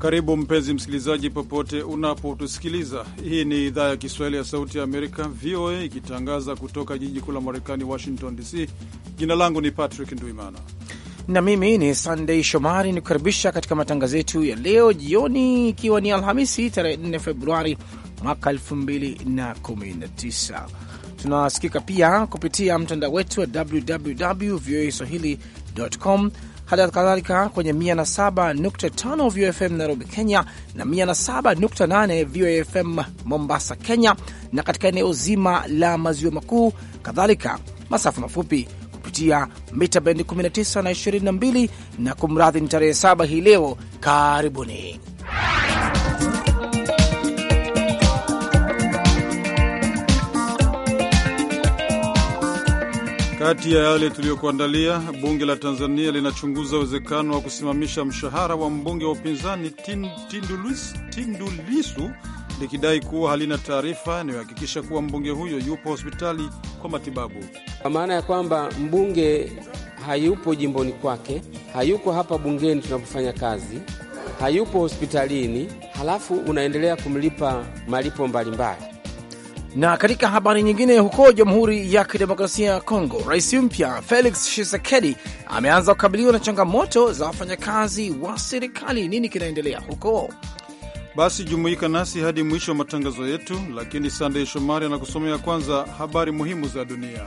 Karibu mpenzi msikilizaji, popote unapotusikiliza. Hii ni idhaa ya Kiswahili ya Sauti ya Amerika, VOA, ikitangaza kutoka jiji kuu la Marekani, Washington DC. Jina langu ni Patrick Nduimana na mimi ni Sandei Shomari, ni kukaribisha katika matangazo yetu ya leo jioni, ikiwa ni Alhamisi tarehe 4 Februari mwaka 2019. Tunasikika pia kupitia mtandao wetu wa www voa swahili.com hali kadhalika kwenye 107.5 VOFM Nairobi, Kenya na 107.8 VOFM Mombasa, Kenya na katika eneo zima la maziwa makuu, kadhalika masafa mafupi kupitia mita bendi 19 na 22 na kumradhi, ni tarehe 7 hii leo. Karibuni. Kati ya yale tuliyokuandalia, bunge la Tanzania linachunguza uwezekano wa kusimamisha mshahara wa mbunge wa upinzani tindulisu likidai kuwa halina taarifa inayohakikisha kuwa mbunge huyo yupo hospitali kwa matibabu, kwa maana ya kwamba mbunge hayupo jimboni kwake, hayuko hapa bungeni tunapofanya kazi, hayupo hospitalini, halafu unaendelea kumlipa malipo mbalimbali. Na katika habari nyingine, huko Jamhuri ya Kidemokrasia ya Kongo, rais mpya Felix Tshisekedi ameanza kukabiliwa na changamoto za wafanyakazi wa serikali. Nini kinaendelea huko? Basi jumuika nasi hadi mwisho wa matangazo yetu, lakini Sandey Shomari anakusomea kwanza habari muhimu za dunia.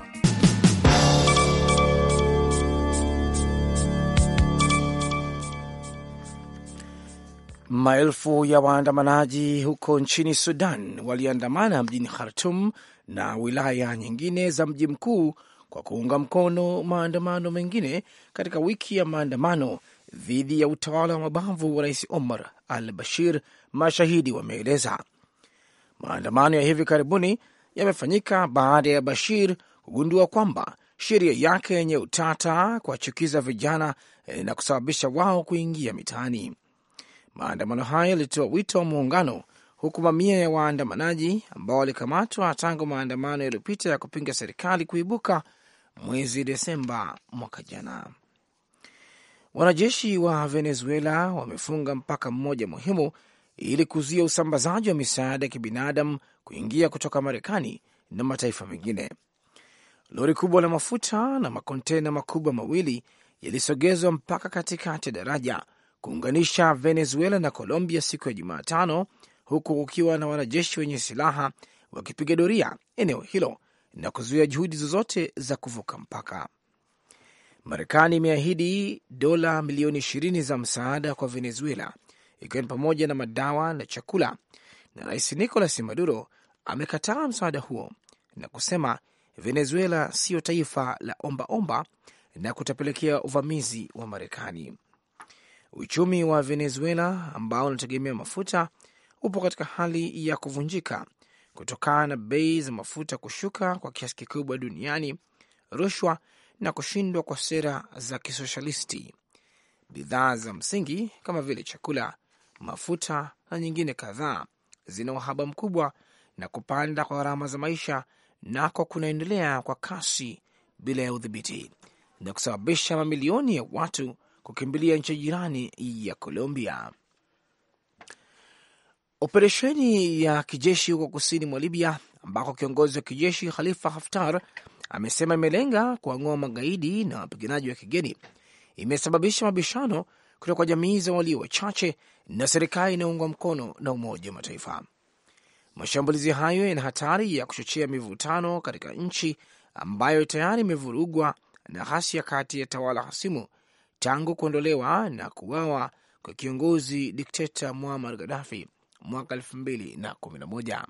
Maelfu ya waandamanaji huko nchini Sudan waliandamana mjini Khartum na wilaya nyingine za mji mkuu kwa kuunga mkono maandamano mengine katika wiki ya maandamano dhidi ya utawala wa mabavu wa Rais Omar al Bashir, mashahidi wameeleza. Maandamano ya hivi karibuni yamefanyika baada ya Bashir kugundua kwamba sheria yake yenye utata kuwachukiza vijana eh, na kusababisha wao kuingia mitaani. Maandamano hayo yalitoa wito wa muungano, huku mamia ya waandamanaji ambao walikamatwa tangu maandamano yaliyopita ya kupinga serikali kuibuka mwezi Desemba mwaka jana. Wanajeshi wa Venezuela wamefunga mpaka mmoja muhimu ili kuzuia usambazaji wa misaada ya kibinadamu kuingia kutoka Marekani na mataifa mengine. Lori kubwa la mafuta na makontena makubwa mawili yalisogezwa mpaka katikati ya daraja kuunganisha Venezuela na Colombia siku ya Jumatano, huku kukiwa na wanajeshi wenye silaha wakipiga doria eneo hilo na kuzuia juhudi zozote za kuvuka mpaka. Marekani imeahidi dola milioni ishirini za msaada kwa Venezuela, ikiwa ni pamoja na madawa na chakula, na Rais Nicolas Maduro amekataa msaada huo na kusema Venezuela siyo taifa la ombaomba omba, na kutapelekea uvamizi wa Marekani. Uchumi wa Venezuela ambao unategemea mafuta upo katika hali ya kuvunjika kutokana na bei za mafuta kushuka kwa kiasi kikubwa duniani, rushwa na kushindwa kwa sera za kisoshalisti. Bidhaa za msingi kama vile chakula, mafuta na nyingine kadhaa zina uhaba mkubwa, na kupanda kwa gharama za maisha nako kunaendelea kwa kasi bila ya udhibiti na kusababisha mamilioni ya watu kukimbilia nchi jirani ya Colombia. Operesheni ya kijeshi huko kusini mwa Libya ambako kiongozi wa kijeshi Khalifa Haftar amesema imelenga kuang'oa magaidi na wapiganaji wa kigeni imesababisha mabishano kutoka kwa jamii za walio wachache na serikali inayoungwa mkono na Umoja wa Mataifa. Mashambulizi hayo yana hatari ya kuchochea mivutano katika nchi ambayo tayari imevurugwa na ghasia kati ya tawala hasimu tangu kuondolewa na kuwawa kwa kiongozi dikteta Muammar Gaddafi mwaka moja.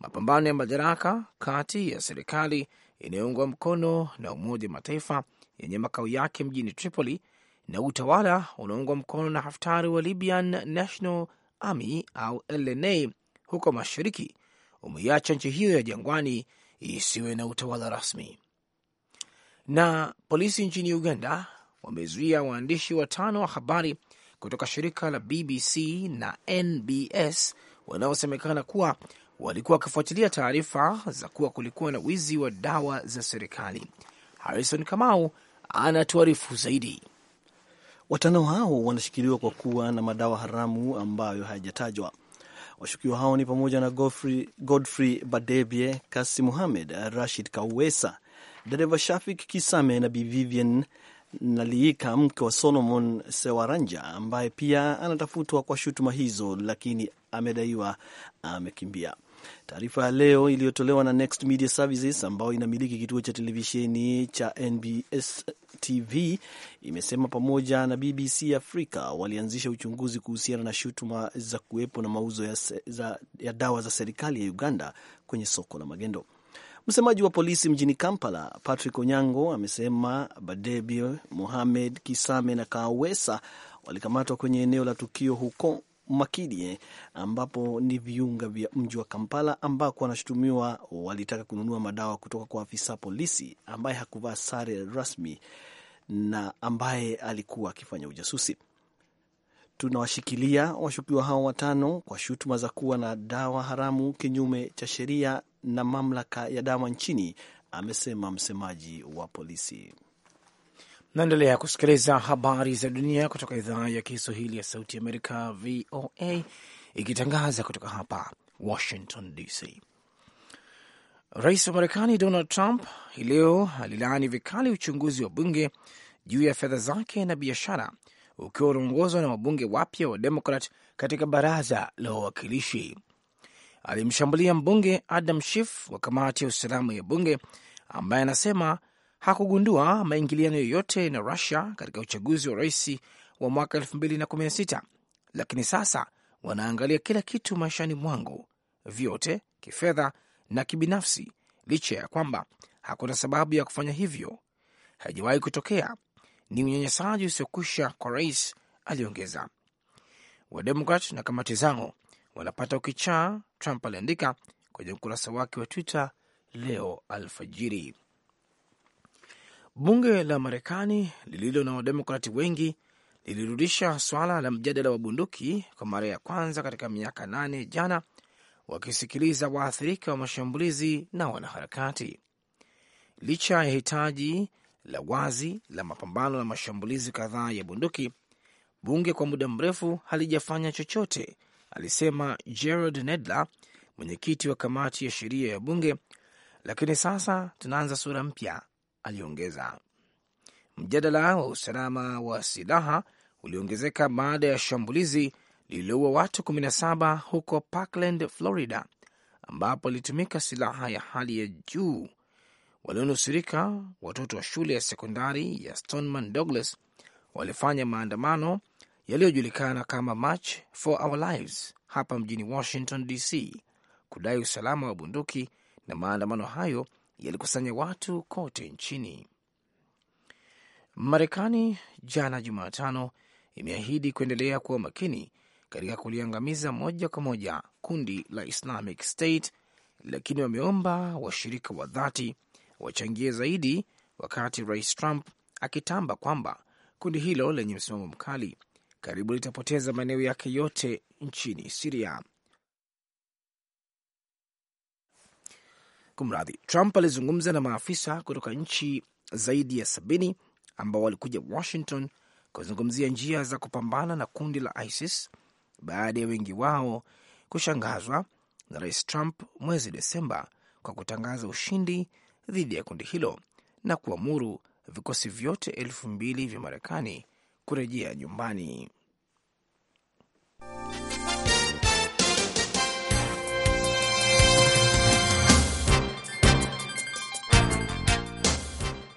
Mapambano ya madaraka kati ya serikali inayoungwa mkono na Umoja wa Mataifa yenye makao yake mjini Tripoli na utawala unaoungwa mkono na Haftari wa Libyan National Army au LNA huko mashariki umeiacha nchi hiyo ya jangwani isiwe na utawala rasmi. Na polisi nchini Uganda wamezuia waandishi watano wa habari kutoka shirika la BBC na NBS wanaosemekana kuwa walikuwa wakifuatilia taarifa za kuwa kulikuwa na wizi wa dawa za serikali. Harrison Kamau anatuarifu zaidi. Watano hao wanashikiliwa kwa kuwa na madawa haramu ambayo hayajatajwa. Washukiwa hao ni pamoja na Godfrey, Godfrey Badebie, Kasi Muhamed, Rashid Kauesa, dereva Shafik Kisame na Bi Vivian Naliika, mke wa Solomon Sewaranja, ambaye pia anatafutwa kwa shutuma hizo, lakini amedaiwa amekimbia. Taarifa ya leo iliyotolewa na Next Media Services ambayo inamiliki kituo cha televisheni cha NBS TV imesema pamoja na BBC Afrika walianzisha uchunguzi kuhusiana na shutuma za kuwepo na mauzo ya, za, ya dawa za serikali ya Uganda kwenye soko la magendo. Msemaji wa polisi mjini Kampala, Patrick Onyango, amesema Badebio, Mohamed Kisame na kawesa walikamatwa kwenye eneo la tukio huko Makidie, ambapo ni viunga vya mji wa Kampala, ambako wanashutumiwa walitaka kununua madawa kutoka kwa afisa polisi ambaye hakuvaa sare rasmi na ambaye alikuwa akifanya ujasusi tunawashikilia washukiwa hao watano kwa shutuma za kuwa na dawa haramu kinyume cha sheria na mamlaka ya dawa nchini, amesema msemaji wa polisi. Naendelea kusikiliza habari za dunia kutoka idhaa ya Kiswahili ya Sauti Amerika, VOA, ikitangaza kutoka hapa Washington DC. Rais wa Marekani Donald Trump hii leo alilaani vikali uchunguzi wa bunge juu ya fedha zake na biashara ukiwa unaongozwa na wabunge wapya wa Demokrat katika baraza la wawakilishi. Alimshambulia mbunge Adam Schiff wa kamati ya usalama ya bunge ambaye anasema hakugundua maingiliano yoyote na Rusia katika uchaguzi wa rais wa mwaka 2016 lakini sasa wanaangalia kila kitu maishani mwangu, vyote kifedha na kibinafsi, licha ya kwamba hakuna sababu ya kufanya hivyo, haijawahi kutokea ni unyanyasaji usiokwisha kwa rais, aliongeza. Wademokrat na kamati zao wanapata ukichaa, Trump aliandika kwenye ukurasa wake wa Twitter leo alfajiri. Bunge la Marekani lililo na wademokrati wengi lilirudisha swala la mjadala wa bunduki kwa mara ya kwanza katika miaka nane jana, wakisikiliza waathirika wa mashambulizi na wanaharakati. Licha ya hitaji la wazi la mapambano na mashambulizi kadhaa ya bunduki, bunge kwa muda mrefu halijafanya chochote, alisema Gerald Nedler, mwenyekiti wa kamati ya sheria ya bunge. Lakini sasa tunaanza sura mpya, aliongeza. Mjadala wa usalama wa silaha uliongezeka baada ya shambulizi lililoua watu 17 huko Parkland, Florida, ambapo ilitumika silaha ya hali ya juu walionusurika, watoto wa shule ya sekondari ya Stoneman Douglas, walifanya maandamano yaliyojulikana kama March for Our Lives hapa mjini Washington DC kudai usalama wa bunduki, na maandamano hayo yalikusanya watu kote nchini. Marekani jana Jumatano imeahidi kuendelea kuwa makini katika kuliangamiza moja kwa moja kundi la Islamic State, lakini wameomba washirika wa dhati wachangie zaidi, wakati Rais Trump akitamba kwamba kundi hilo lenye msimamo mkali karibu litapoteza maeneo yake yote nchini Siria. Kumradhi, Trump alizungumza na maafisa kutoka nchi zaidi ya sabini ambao walikuja Washington kuzungumzia njia za kupambana na kundi la ISIS baada ya wengi wao kushangazwa na Rais Trump mwezi Desemba kwa kutangaza ushindi dhidi ya kundi hilo na kuamuru vikosi vyote elfu mbili vya Marekani kurejea nyumbani.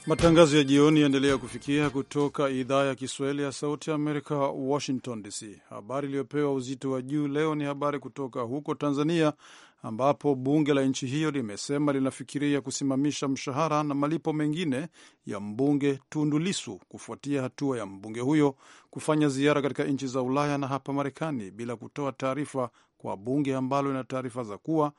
Matangazo ya jioni yaendelea kufikia kutoka idhaa ya Kiswahili ya Sauti ya Amerika, Washington DC. Habari iliyopewa uzito wa juu leo ni habari kutoka huko Tanzania, ambapo bunge la nchi hiyo limesema linafikiria kusimamisha mshahara na malipo mengine ya mbunge Tundu Lisu kufuatia hatua ya mbunge huyo kufanya ziara katika nchi za Ulaya na hapa Marekani bila kutoa taarifa kwa bunge ambalo lina taarifa za kuwa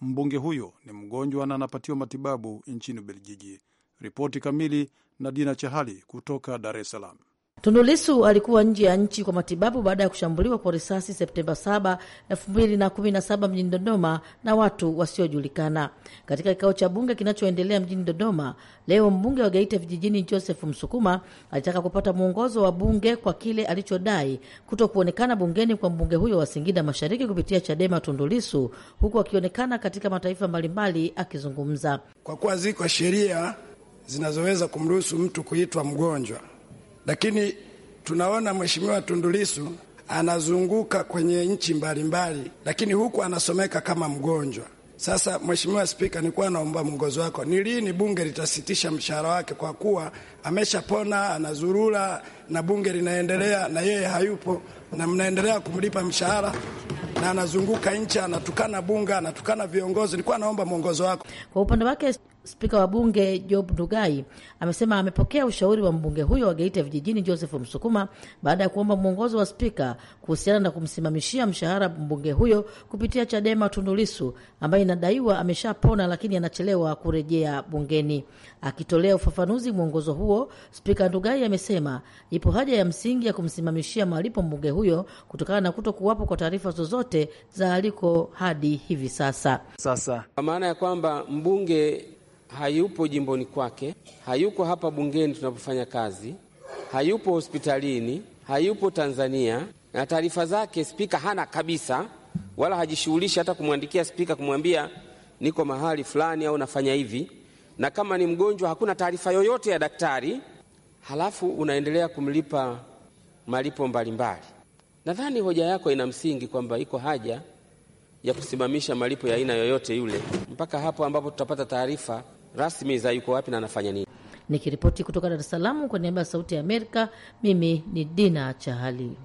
mbunge huyo ni mgonjwa na anapatiwa matibabu nchini Ubelgiji. Ripoti kamili na Dina Chahali kutoka Dar es Salaam. Tundu Lissu alikuwa nje ya nchi kwa matibabu baada ya kushambuliwa kwa risasi Septemba 7, 2017 mjini Dodoma na watu wasiojulikana. Katika kikao cha bunge kinachoendelea mjini Dodoma leo, mbunge wa Geita Vijijini Joseph Msukuma alitaka kupata mwongozo wa bunge kwa kile alichodai kuto kuonekana bungeni kwa mbunge huyo wa Singida Mashariki kupitia Chadema Tundu Lissu, huku akionekana katika mataifa mbalimbali akizungumza. Kwa kuwa ziko sheria zinazoweza kumruhusu mtu kuitwa mgonjwa lakini tunaona Mheshimiwa Tundulisu anazunguka kwenye nchi mbalimbali, lakini huku anasomeka kama mgonjwa. Sasa Mheshimiwa Spika, nilikuwa naomba mwongozo wako, ni lini bunge litasitisha mshahara wake? Kwa kuwa ameshapona, anazurura na bunge linaendelea na yeye hayupo, na mnaendelea kumlipa mshahara na anazunguka nchi, anatukana bunge, anatukana viongozi. Nilikuwa naomba mwongozo wako. Kwa upande wake Spika wa Bunge Job Ndugai amesema amepokea ushauri wa mbunge huyo wa Geita Vijijini, Joseph Msukuma, baada ya kuomba mwongozo wa spika kuhusiana na kumsimamishia mshahara mbunge huyo kupitia Chadema Tundulisu, ambaye inadaiwa ameshapona lakini anachelewa kurejea bungeni. Akitolea ufafanuzi mwongozo huo, Spika Ndugai amesema ipo haja ya msingi ya kumsimamishia malipo mbunge huyo kutokana na kuto kuwapo kwa taarifa zozote za aliko hadi hivi sasa. Sasa kwa maana ya kwamba mbunge hayupo jimboni kwake, hayuko hapa bungeni tunapofanya kazi, hayupo hospitalini, hayupo Tanzania, na taarifa zake spika hana kabisa, wala hajishughulishi hata kumwandikia spika kumwambia niko mahali fulani au nafanya hivi, na kama ni mgonjwa hakuna taarifa yoyote ya daktari, halafu unaendelea kumlipa malipo mbalimbali. Nadhani hoja yako ina msingi kwamba iko haja ya kusimamisha malipo ya aina yoyote yule mpaka hapo ambapo tutapata taarifa rasmi za yuko wapi na anafanya nini. Nikiripoti kutoka Dar es Salaam kwa niaba ya Sauti ya Amerika, mimi ni Dina Chahali.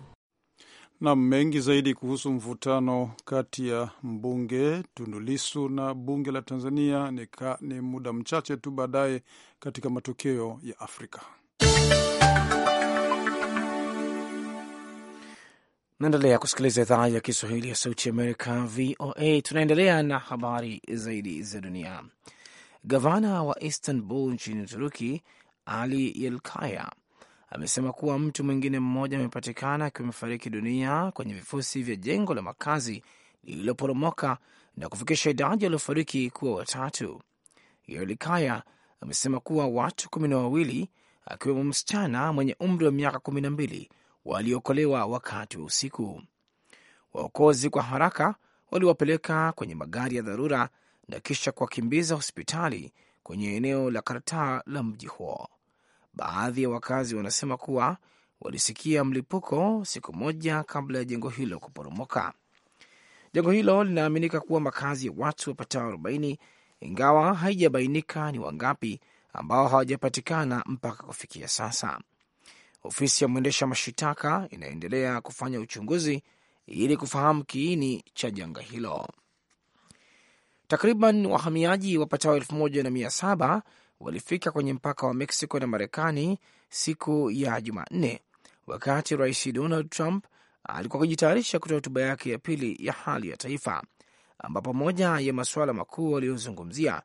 Na mengi zaidi kuhusu mvutano kati ya mbunge tundulisu na bunge la Tanzania ni, ka, ni muda mchache tu baadaye katika matokeo ya Afrika. Naendelea kusikiliza idhaa ya Kiswahili ya Sauti ya Amerika, VOA. Tunaendelea na habari zaidi za dunia. Gavana wa Istanbul nchini Uturuki, Ali Yelkaya, amesema kuwa mtu mwingine mmoja amepatikana akiwa amefariki dunia kwenye vifusi vya jengo la makazi lililoporomoka na kufikisha idadi waliofariki kuwa watatu. Yelkaya amesema kuwa watu kumi na wawili akiwemo msichana mwenye umri wa miaka kumi na mbili waliokolewa wakati wa usiku. Waokozi kwa haraka waliwapeleka kwenye magari ya dharura na kisha kuwakimbiza hospitali kwenye eneo la karta la mji huo. Baadhi ya wakazi wanasema kuwa walisikia mlipuko siku moja kabla ya jengo hilo kuporomoka. Jengo hilo linaaminika kuwa makazi ya watu wapatao 40 ingawa haijabainika ni wangapi ambao hawajapatikana mpaka kufikia sasa. Ofisi ya mwendesha mashitaka inaendelea kufanya uchunguzi ili kufahamu kiini cha janga hilo. Takriban wahamiaji wapatao elfu moja na mia saba walifika kwenye mpaka wa Mexico na Marekani siku ya Jumanne wakati Rais Donald Trump alikuwa akijitayarisha kutoa hotuba yake ya pili ya hali ya taifa, ambapo moja ya masuala makuu waliyozungumzia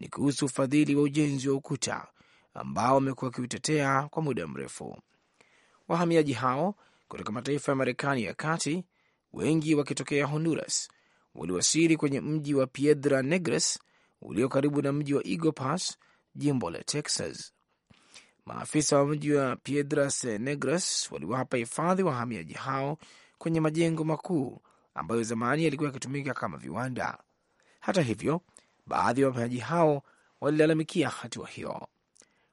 ni kuhusu ufadhili wa ujenzi wa ukuta ambao wamekuwa wakiutetea kwa muda mrefu. Wahamiaji hao kutoka mataifa ya Marekani ya kati, wengi wakitokea Honduras, waliwasili kwenye mji wa Piedra Negres ulio karibu na mji wa Eagle Pass, jimbo la Texas. Maafisa wa mji wa Piedras negres waliwapa hifadhi wahamiaji hao kwenye majengo makuu ambayo zamani yalikuwa yakitumika kama viwanda. Hata hivyo, baadhi ya wahamiaji hao walilalamikia hatua wa hiyo.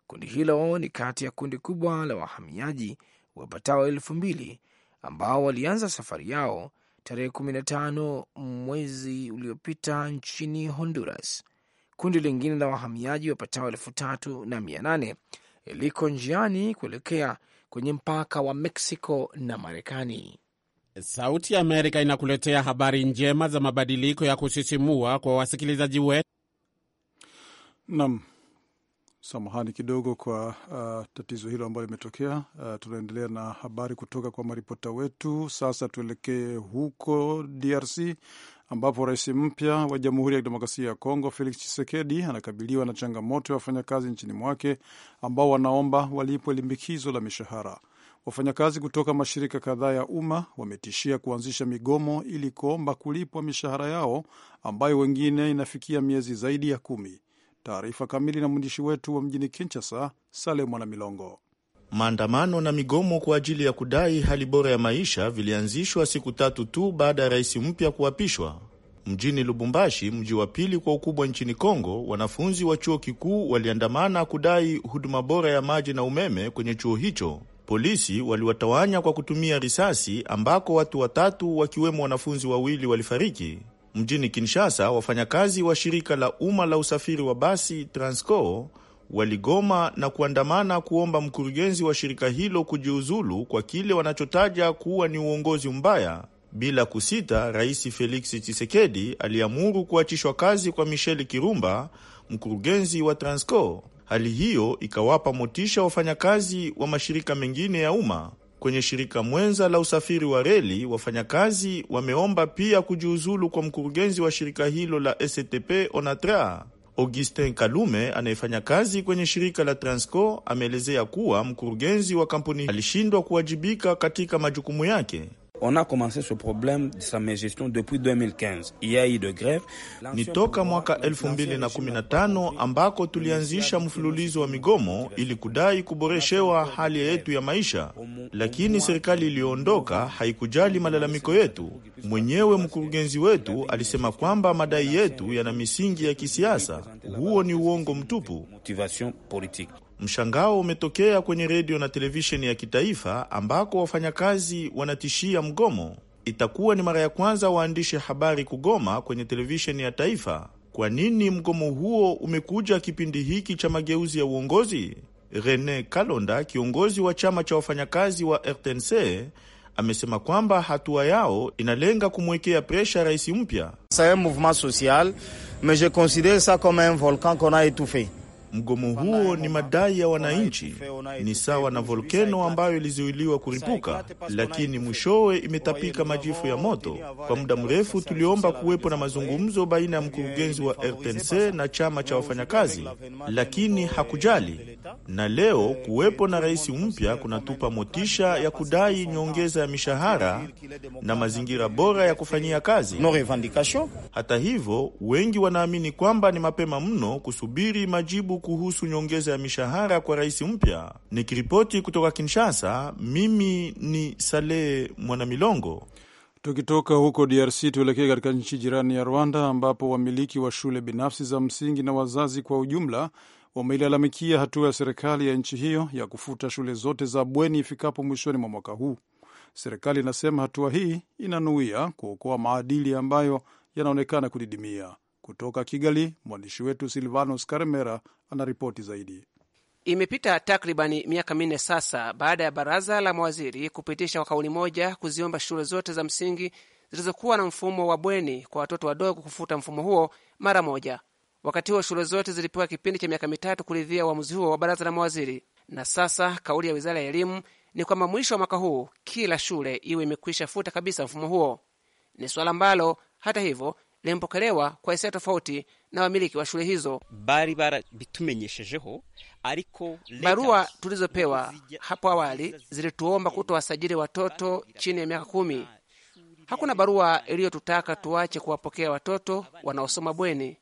Kundi hilo ni kati ya kundi kubwa la wahamiaji wapatao elfu mbili ambao walianza safari yao tarehe 15 mwezi uliopita nchini Honduras. Kundi lingine la wahamiaji wapatao elfu tatu na mia nane liko njiani kuelekea kwenye mpaka wa Mexico na Marekani. Sauti ya Amerika inakuletea habari njema za mabadiliko ya kusisimua kwa wasikilizaji wetu. Naam, Samahani kidogo kwa uh, tatizo hilo ambalo limetokea. Uh, tunaendelea na habari kutoka kwa maripota wetu. Sasa tuelekee huko DRC ambapo rais mpya wa Jamhuri ya Kidemokrasia ya Kongo Felix Tshisekedi anakabiliwa na changamoto ya wafanyakazi nchini mwake ambao wanaomba walipwe limbikizo la mishahara. Wafanyakazi kutoka mashirika kadhaa ya umma wametishia kuanzisha migomo ili kuomba kulipwa mishahara yao ambayo wengine inafikia miezi zaidi ya kumi. Taarifa kamili na mwandishi wetu wa mjini Kinshasa, Sale Mwana Milongo. Maandamano na migomo kwa ajili ya kudai hali bora ya maisha vilianzishwa siku tatu tu baada ya rais mpya kuapishwa mjini Lubumbashi, mji wa pili kwa ukubwa nchini Kongo. Wanafunzi wa chuo kikuu waliandamana kudai huduma bora ya maji na umeme kwenye chuo hicho. Polisi waliwatawanya kwa kutumia risasi, ambako watu watatu wakiwemo wanafunzi wawili walifariki. Mjini Kinshasa, wafanyakazi wa shirika la umma la usafiri wa basi Transco waligoma na kuandamana kuomba mkurugenzi wa shirika hilo kujiuzulu kwa kile wanachotaja kuwa ni uongozi mbaya. Bila kusita, Rais Felix Tshisekedi aliamuru kuachishwa kazi kwa Michel Kirumba, mkurugenzi wa Transco. Hali hiyo ikawapa motisha wafanyakazi wa mashirika mengine ya umma. Kwenye shirika mwenza la usafiri wa reli, wafanyakazi wameomba pia kujiuzulu kwa mkurugenzi wa shirika hilo la STP ONATRA. Augustin Kalume anayefanya kazi kwenye shirika la Transco ameelezea kuwa mkurugenzi wa kampuni alishindwa kuwajibika katika majukumu yake. On a commencé ce problème de sa gestion depuis 2015. Il y a eu de grève. Ni toka mwaka 2015 ambako tulianzisha mfululizo wa migomo ili kudai kuboreshewa hali yetu ya maisha, lakini serikali iliyoondoka haikujali malalamiko yetu. Mwenyewe mkurugenzi wetu alisema kwamba madai yetu yana misingi ya kisiasa. Huo ni uongo mtupu. Mshangao umetokea kwenye redio na televisheni ya kitaifa ambako wafanyakazi wanatishia mgomo. Itakuwa ni mara ya kwanza waandishi habari kugoma kwenye televisheni ya taifa. Kwa nini mgomo huo umekuja kipindi hiki cha mageuzi ya uongozi? Rene Kalonda, kiongozi wa chama cha wafanyakazi wa RTNC, amesema kwamba hatua yao inalenga kumwekea presha rais mpya. mouvement social mais je comme un volcan qu'on a Mgomo huo ni madai ya wananchi, ni sawa na volkeno ambayo ilizuiliwa kuripuka, lakini mwishowe imetapika majifu ya moto. Kwa muda mrefu tuliomba kuwepo na mazungumzo baina ya mkurugenzi wa RTNC na chama cha wafanyakazi, lakini hakujali, na leo kuwepo na rais mpya kunatupa motisha ya kudai nyongeza ya mishahara na mazingira bora ya kufanyia kazi. Hata hivyo, wengi wanaamini kwamba ni mapema mno kusubiri majibu kuhusu nyongeza ya mishahara kwa rais mpya. Nikiripoti kutoka Kinshasa, mimi ni Saleh Mwanamilongo. Tukitoka huko DRC tuelekee katika nchi jirani ya Rwanda, ambapo wamiliki wa shule binafsi za msingi na wazazi kwa ujumla wameilalamikia hatua ya serikali ya nchi hiyo ya kufuta shule zote za bweni ifikapo mwishoni mwa mwaka huu. Serikali inasema hatua hii inanuia kuokoa maadili ambayo yanaonekana kudidimia. Kutoka Kigali, mwandishi wetu Silvanos Karemera anaripoti zaidi. Imepita takribani miaka minne sasa baada ya baraza la mawaziri kupitisha kwa kauli moja kuziomba shule zote za msingi zilizokuwa na mfumo wa bweni kwa watoto wadogo kufuta mfumo huo mara moja. Wakati huo shule zote zilipewa kipindi cha miaka mitatu kuridhia uamuzi huo wa baraza la mawaziri, na sasa kauli ya wizara ya elimu ni kwamba mwisho wa mwaka huu kila shule iwe imekwisha futa kabisa mfumo huo. Ni suala ambalo hata hivyo limepokelewa kwa hisia tofauti na wamiliki wa shule hizo. bari ariko barua tulizopewa hapo awali zilituomba kutowasajili watoto chini ya miaka kumi. Hakuna barua iliyotutaka tuache kuwapokea watoto wanaosoma bweni.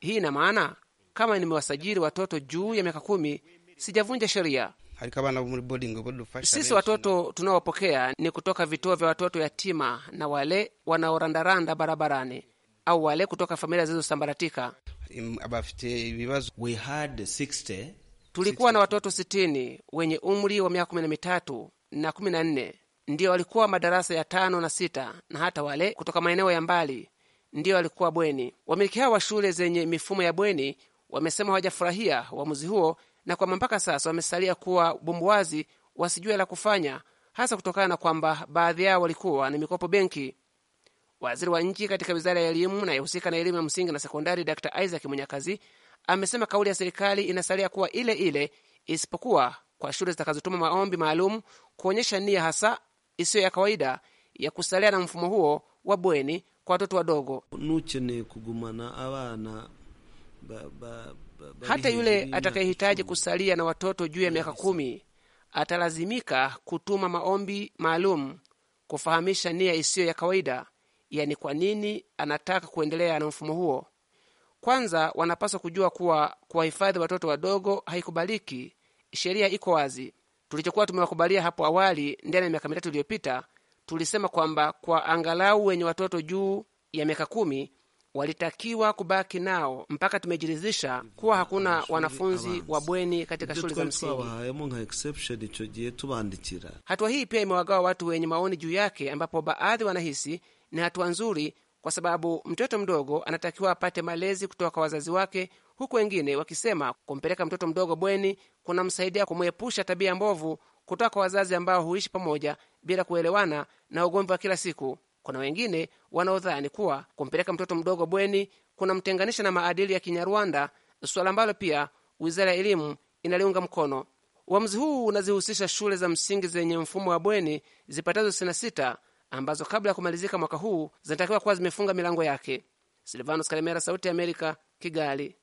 Hii ina maana kama nimewasajili watoto juu ya miaka kumi, sijavunja sheria. Sisi watoto tunaowapokea ni kutoka vituo vya watoto yatima na wale wanaorandaranda barabarani au wale kutoka familia zilizosambaratika. Tulikuwa na watoto sitini wenye umri wa miaka kumi na mitatu na kumi na nne ndiyo walikuwa madarasa ya tano na sita, na hata wale kutoka maeneo ya mbali ndiyo walikuwa bweni. Wamiliki hao wa shule zenye mifumo ya bweni wamesema hawajafurahia uamuzi huo, na kwamba mpaka sasa wamesalia kuwa bumbuwazi, wasijue la kufanya, hasa kutokana na kwamba baadhi yao walikuwa na mikopo benki. Waziri wa nchi katika wizara ya elimu nayehusika na elimu ya msingi na sekondari, Dr Isaac Munyakazi amesema kauli ya serikali inasalia kuwa ile ile, isipokuwa kwa shule zitakazotuma maombi maalum kuonyesha nia hasa isiyo ya kawaida ya kusalia na mfumo huo wa bweni kwa watoto wadogo. Hata yule atakayehitaji kusalia na watoto juu ya miaka kumi atalazimika kutuma maombi maalum kufahamisha nia isiyo ya kawaida yani kwa nini anataka kuendelea na mfumo huo. Kwanza wanapaswa kujua kuwa kuwahifadhi watoto wadogo haikubaliki. Sheria iko wazi. Tulichokuwa tumewakubalia hapo awali ndani ya miaka mitatu iliyopita, tulisema kwamba kwa angalau wenye watoto juu ya miaka kumi walitakiwa kubaki nao mpaka tumejiridhisha kuwa hakuna wanafunzi wa bweni katika shule za msingi. Hatua hii pia imewagawa watu wenye maoni juu yake, ambapo baadhi wanahisi ni hatua nzuri, kwa sababu mtoto mdogo anatakiwa apate malezi kutoka kwa wazazi wake, huku wengine wakisema kumpeleka mtoto mdogo bweni kunamsaidia kumwepusha tabia mbovu kutoka kwa wazazi ambao huishi pamoja bila kuelewana na ugomvi wa kila siku. Kuna wengine wanaodhani kuwa kumpeleka mtoto mdogo bweni kunamtenganisha na maadili ya Kinyarwanda, suala ambalo pia wizara ya elimu inaliunga mkono. Uamuzi huu unazihusisha shule za msingi zenye mfumo wa bweni zipatazo ambazo kabla ya kumalizika mwaka huu zinatakiwa kuwa zimefunga milango yake. Silvanos Kalemera, Sauti ya Amerika, Kigali.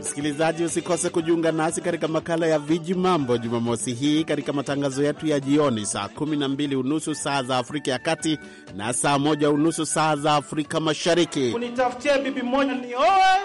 Msikilizaji, usikose kujiunga nasi katika makala ya Viji Mambo Jumamosi hii katika matangazo yetu ya jioni saa kumi na mbili unusu saa za Afrika ya Kati na saa moja unusu saa za Afrika Mashariki. Unitafutie bibi moja nioe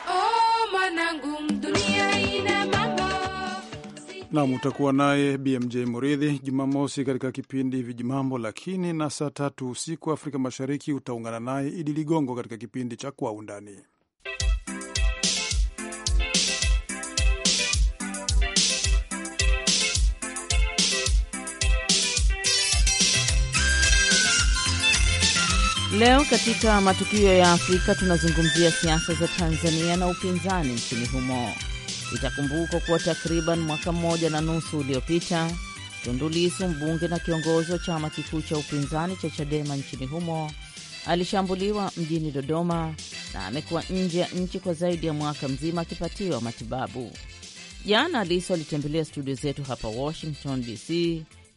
Nam utakuwa naye BMJ Muridhi Jumamosi katika kipindi vijimambo lakini na saa tatu usiku Afrika Mashariki utaungana naye Idi Ligongo katika kipindi cha Kwa Undani. Leo katika matukio ya Afrika tunazungumzia siasa za Tanzania na upinzani nchini humo. Itakumbukwa kuwa takriban mwaka mmoja na nusu uliopita Tundu Lissu, mbunge na kiongozi wa chama kikuu cha upinzani cha Chadema nchini humo, alishambuliwa mjini Dodoma na amekuwa nje ya nchi kwa zaidi ya mwaka mzima akipatiwa matibabu. Jana Lissu alitembelea studio zetu hapa Washington DC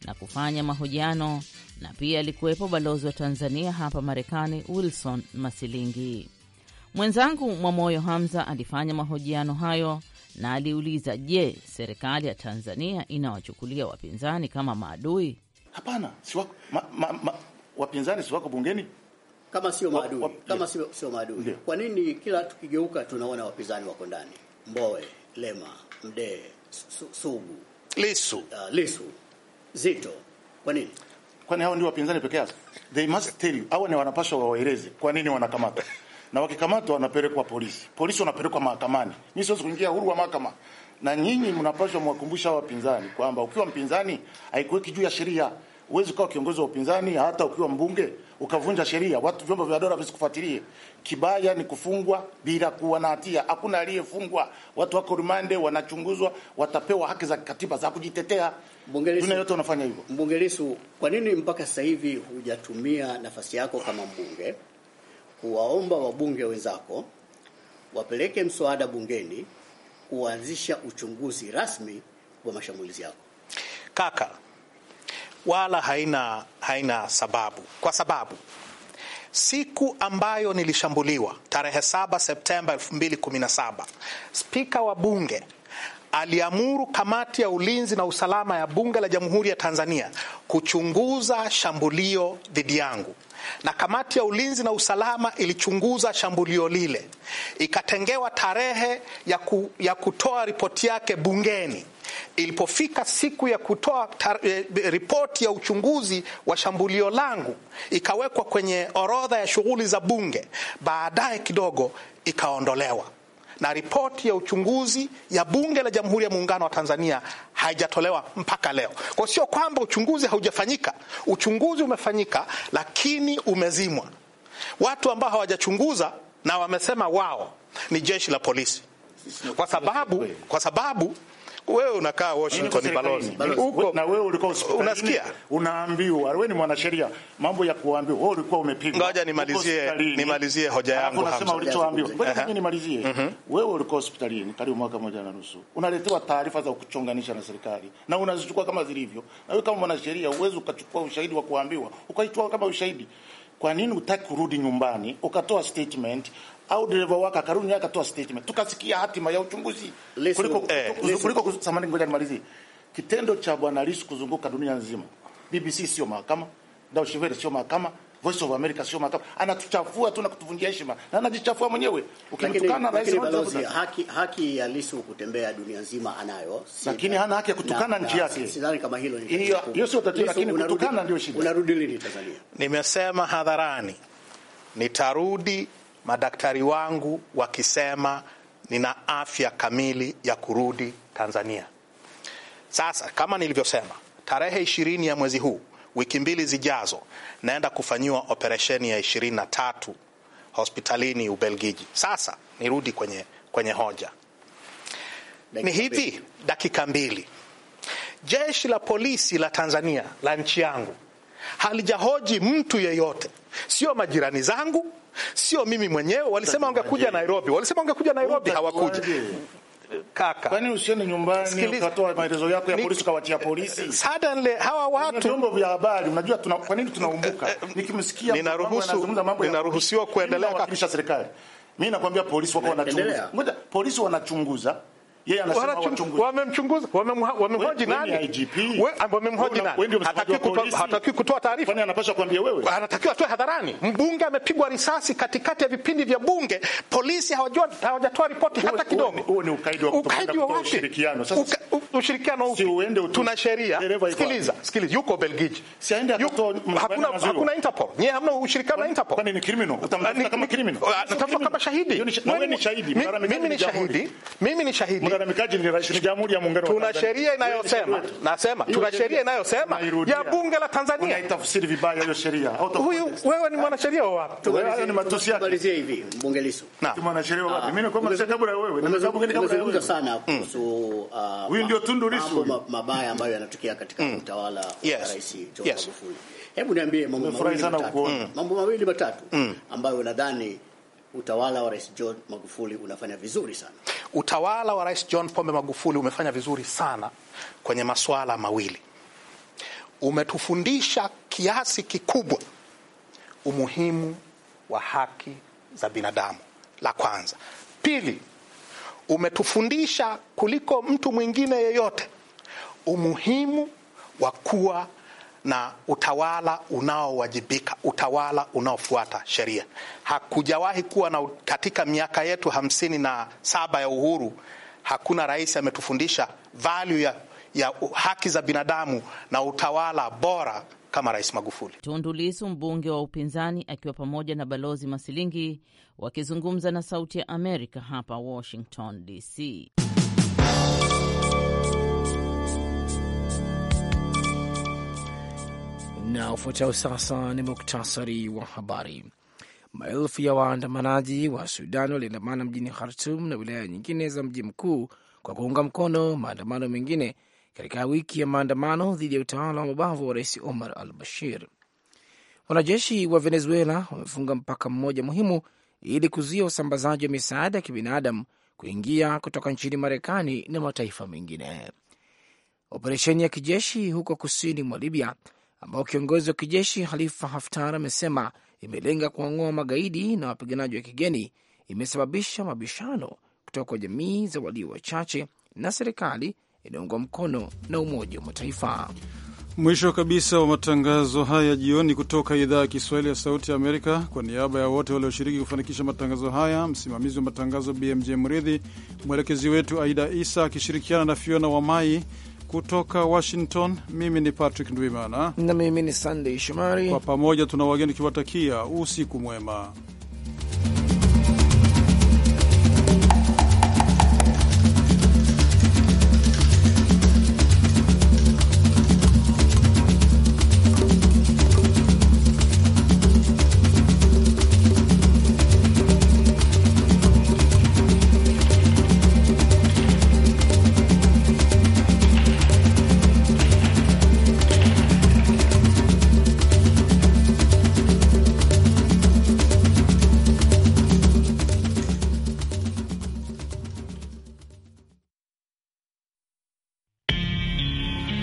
na kufanya mahojiano, na pia alikuwepo balozi wa Tanzania hapa Marekani Wilson Masilingi. Mwenzangu Mwamoyo Hamza alifanya mahojiano hayo na aliuliza, je, serikali ya Tanzania inawachukulia wapinzani kama maadui? Hapana, si wako, ma, ma, ma, wapinzani si wako bungeni kama sio maadui wap, wap, kama sio sio maadui. Kwa nini kila tukigeuka tunaona wapinzani wako ndani? Mbowe, Lema, Mdee, su, Sugu, Lisu, uh, Lisu, Zito. Kwa nini? Kwani hao ndio wapinzani pekee yao? They must tell you, au ni wanapaswa waeleze kwa nini wanakamata na wakikamatwa wanapelekwa polisi, polisi wanapelekwa mahakamani. Mimi siwezi kuingia huru wa mahakama, na nyinyi mnapaswa mwakumbusha hawa wapinzani kwamba ukiwa mpinzani haikuweki juu ya sheria. Huwezi ukawa kiongozi wa upinzani hata ukiwa mbunge ukavunja sheria, watu vyombo vya dola visikufuatilie. Kibaya ni kufungwa bila kuwa na hatia. Hakuna aliyefungwa, watu wako rumande, wanachunguzwa, watapewa haki za kikatiba za kujitetea. Dunia yote wanafanya hivyo. Mbunge Lissu, kwa nini mpaka sasa hivi hujatumia nafasi yako kama mbunge kuwaomba wabunge wenzako wapeleke mswada bungeni kuanzisha uchunguzi rasmi wa mashambulizi yako kaka, wala haina, haina sababu, kwa sababu siku ambayo nilishambuliwa tarehe 7 Septemba 2017 spika wa bunge aliamuru kamati ya ulinzi na usalama ya bunge la Jamhuri ya Tanzania kuchunguza shambulio dhidi yangu na kamati ya ulinzi na usalama ilichunguza shambulio lile, ikatengewa tarehe ya, ku, ya kutoa ripoti yake bungeni. Ilipofika siku ya kutoa e, ripoti ya uchunguzi wa shambulio langu, ikawekwa kwenye orodha ya shughuli za bunge, baadaye kidogo ikaondolewa na ripoti ya uchunguzi ya Bunge la Jamhuri ya Muungano wa Tanzania haijatolewa mpaka leo. Kwa sio kwamba uchunguzi haujafanyika, uchunguzi umefanyika, lakini umezimwa. Watu ambao hawajachunguza na wamesema wao ni jeshi la polisi, kwa sababu, kwa sababu wewe unakaa Washington baloni huko, na wewe ulikuwa unasikia, unaambiwa wewe ni mwanasheria, mambo ya kuambiwa wewe ulikuwa umepigwa. Ngoja nimalizie, nimalizie hoja yangu hapo, unasema ulichoambiwa. Ngoja mimi nimalizie. Mhm. Wewe ulikuwa hospitalini karibu mwaka mmoja na nusu, unaletewa taarifa za kuchonganisha na serikali na unazichukua kama zilivyo, na wewe kama mwanasheria uwezo ukachukua ushahidi wa kuambiwa ukaitoa kama ushahidi. Kwa nini utaki kurudi nyumbani ukatoa statement au dereva wake akarudi naye akatoa statement, tukasikia hatima ya uchunguzi kuliko eh, kuliko samani. Ngoja nimalizie kitendo cha bwana Lissu kuzunguka dunia nzima. BBC sio mahakama, Deutsche Welle sio mahakama, Voice of America sio mahakama. Anatuchafua tu na kutuvunjia heshima na anajichafua mwenyewe, ukimtukana rais wa haki. Haki ya Lissu kutembea dunia nzima anayo, lakini hana haki ya kutukana nchi yake. Sidhani kama hilo ni hiyo, sio tatizo, lakini kutukana ndio shida. Unarudi lini Tanzania? Nimesema hadharani nitarudi madaktari wangu wakisema nina afya kamili ya kurudi Tanzania. Sasa kama nilivyosema, tarehe ishirini ya mwezi huu, wiki mbili zijazo, naenda kufanyiwa operesheni ya ishirini na tatu hospitalini Ubelgiji. Sasa nirudi kwenye, kwenye hoja ni hivi, dakika mbili. Jeshi la polisi la Tanzania la nchi yangu halijahoji mtu yeyote, sio majirani zangu, sio mimi mwenyewe. Walisema wangekuja Nairobi, walisema wangekuja Nairobi, hawakuja. Kaka, kwani usiende nyumbani ukatoa maelezo yako ya polisi ukawatia polisi? Suddenly hawa watu vyombo vya habari, unajua tuna kwa nini tunaumbuka? Eh, eh, Nikimsikia ninaruhusu ninaruhusiwa kuendelea serikali, mimi nakwambia polisi wako wanachunguza, ngoja polisi wanachunguza yeye anasema wamemchunguza, ah, wamemhoji nani? Wamemhoji nani? Hataki kutoa taarifa, anapaswa kuambia wewe, anatakiwa atoe hadharani. Mbunge amepigwa risasi katikati ya vipindi vya bunge, polisi hawajua, hawajatoa ripoti hata kidogo. Huo ni ukaidi wa ushirikiano. Sasa ushirikiano upi? Tuna sheria. Sikiliza, sikiliza, yuko Belgiji, si aende akatoa. Hakuna hakuna Interpol, hamna ushirikiano na Interpol. Kwani ni criminal? Utamtafuta ah, ah, kama criminal, kama shahidi. Wewe ni shahidi, mimi ni shahidi, mimi ni shahidi Tuna sheria inayosema nasema, tuna sheria inayosema ya bunge la Tanzania. Unaitafsiri vibaya hiyo sheria. Huyu wewe ni mwanasheria wa wapi? Wewe ni matusi yake. Malizie hivi bunge lisu. Na mwanasheria wa wapi? Mimi nakuwa mwanasheria kabla ya wewe. na sababu Nimezungumza sana mm. kuhusu uh, huyu ndio Tundu Lissu, mabaya ambayo yanatokea katika mm. utawala wa rais John Magufuli. Hebu niambie mambo mawili matatu, mm. mambo mawili matatu ambayo nadhani utawala wa Rais John Magufuli unafanya vizuri sana. Utawala wa Rais John Pombe Magufuli umefanya vizuri sana kwenye masuala mawili. Umetufundisha kiasi kikubwa umuhimu wa haki za binadamu, la kwanza. Pili, umetufundisha kuliko mtu mwingine yeyote umuhimu wa kuwa na utawala unaowajibika, utawala unaofuata sheria. Hakujawahi kuwa na katika miaka yetu hamsini na saba ya uhuru, hakuna rais ametufundisha value ya, ya haki za binadamu na utawala bora kama Rais Magufuli. Tundu Lissu, mbunge wa upinzani, akiwa pamoja na Balozi Masilingi wakizungumza na Sauti ya Amerika hapa Washington DC. Na ufuatao sasa ni muktasari wa habari. Maelfu ya waandamanaji wa Sudan waliandamana mjini Khartum na wilaya nyingine za mji mkuu kwa kuunga mkono maandamano mengine katika wiki ya maandamano dhidi ya utawala wa mabavu wa rais Omar al Bashir. Wanajeshi wa Venezuela wamefunga mpaka mmoja muhimu ili kuzuia usambazaji wa misaada ya kibinadamu kuingia kutoka nchini Marekani na mataifa mengine. Operesheni ya kijeshi huko kusini mwa Libya ambao kiongozi wa kijeshi Khalifa Haftar amesema imelenga kuang'oa magaidi na wapiganaji wa kigeni, imesababisha mabishano kutoka kwa jamii za walio wachache na serikali inaungwa mkono na Umoja wa Mataifa. Mwisho kabisa wa matangazo haya jioni kutoka idhaa ya Kiswahili ya Sauti ya Amerika. Kwa niaba ya wote walioshiriki kufanikisha matangazo haya, msimamizi wa matangazo BMJ Mridhi, mwelekezi wetu Aida Isa akishirikiana na Fiona Wamai. Kutoka Washington, mimi ni Patrick Ndwimana na mimi ni Sandey Shomari. Kwa pamoja tuna wageni tukiwatakia usiku mwema.